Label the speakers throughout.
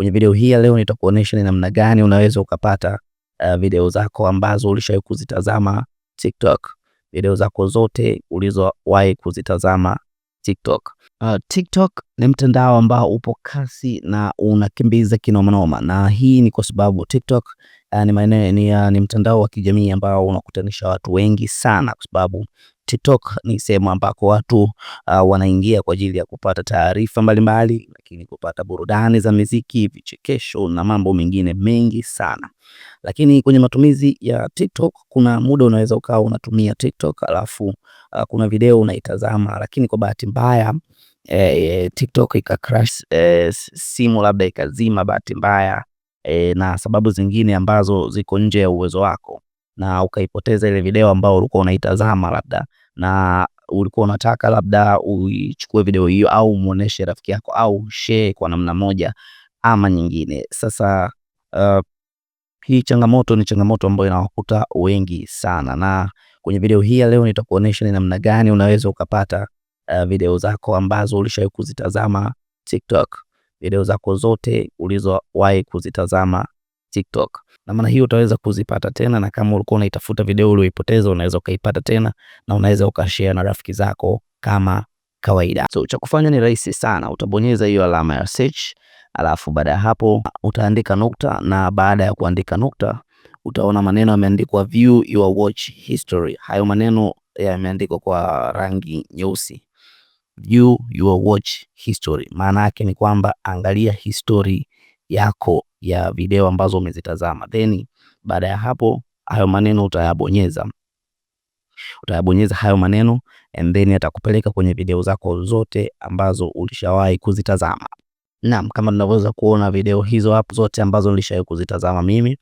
Speaker 1: Kwenye video hii ya leo nitakuonesha ni namna gani unaweza ukapata uh, video zako ambazo ulishawahi kuzitazama TikTok, video zako zote ulizowahi kuzitazama TikTok. Uh, TikTok ni mtandao ambao upo kasi na unakimbiza kinomanoma, na hii ni kwa sababu TikTok uh, ni, uh, ni mtandao wa kijamii ambao unakutanisha watu wengi sana, kwa sababu TikTok ni sehemu ambako watu uh, wanaingia kwa ajili ya kupata taarifa mbalimbali, lakini kupata burudani za muziki, vichekesho na mambo mengine mengi sana. Lakini kwenye matumizi ya TikTok, kuna muda unaweza ukawa unatumia TikTok alafu uh, kuna video unaitazama, lakini kwa bahati mbaya eh, TikTok ika crash eh, simu labda ikazima bahati mbaya eh, na sababu zingine ambazo ziko nje ya uwezo wako na ukaipoteza ile video ambayo ulikuwa unaitazama labda na ulikuwa unataka labda uichukue video hiyo au muoneshe rafiki yako au share kwa namna moja ama nyingine. Sasa uh, hii changamoto ni changamoto ambayo inawakuta wengi sana, na kwenye video hii ya leo nitakuonesha ni namna gani unaweza ukapata uh, video zako ambazo ulishawahi kuzitazama TikTok, video zako zote ulizowahi kuzitazama TikTok. Na maana hiyo utaweza kuzipata tena, na kama ulikuwa unaitafuta video ulioipoteza unaweza ukaipata tena, na unaweza ukashare na rafiki zako kama kawaida. So cha kufanya ni rahisi sana, utabonyeza hiyo alama ya search, alafu baada ya hapo utaandika nukta, na baada ya kuandika nukta utaona maneno yameandikwa view your watch history. Hayo maneno yameandikwa kwa rangi nyeusi, view your watch history. Maana yake ni kwamba angalia history yako ya video ambazo umezitazama. Then baada ya hapo hayo maneno utayabonyeza, utayabonyeza hayo maneno and then atakupeleka kwenye video zako zote ambazo ulishawahi kuzitazama. Naam, kama tunavyoweza kuona video hizo hapo zote ambazo nilishawahi kuzitazama mimi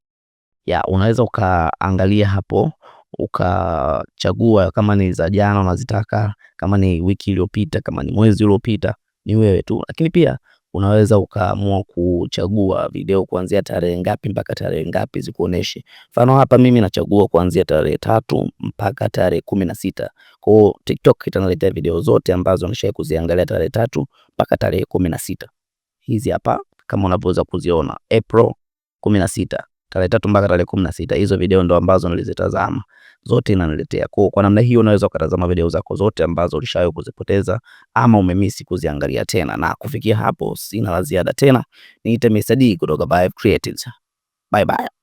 Speaker 1: ya, unaweza ukaangalia hapo ukachagua kama ni za jana unazitaka, kama ni wiki iliyopita, kama ni mwezi uliopita, ni wewe tu, lakini pia unaweza ukaamua kuchagua video kuanzia tarehe ngapi mpaka tarehe ngapi zikuoneshe. Mfano hapa mimi nachagua kuanzia tarehe tatu mpaka tarehe kumi na sita. Kwa hiyo TikTok itaniletea video zote ambazo nishawahi kuziangalia tarehe tatu mpaka tarehe kumi na sita. Hizi hapa kama unavyoweza kuziona April kumi na sita tarehe tatu mpaka tarehe kumi na sita. Hizo video ndo ambazo nilizitazama zote inaniletea ko. Kwa namna hiyo unaweza ukatazama video zako zote ambazo ulishawahi kuzipoteza ama umemisi kuziangalia tena. Na kufikia hapo, sina la ziada tena. Niite Mr. D kutoka Vibe Creatives. Bye bye.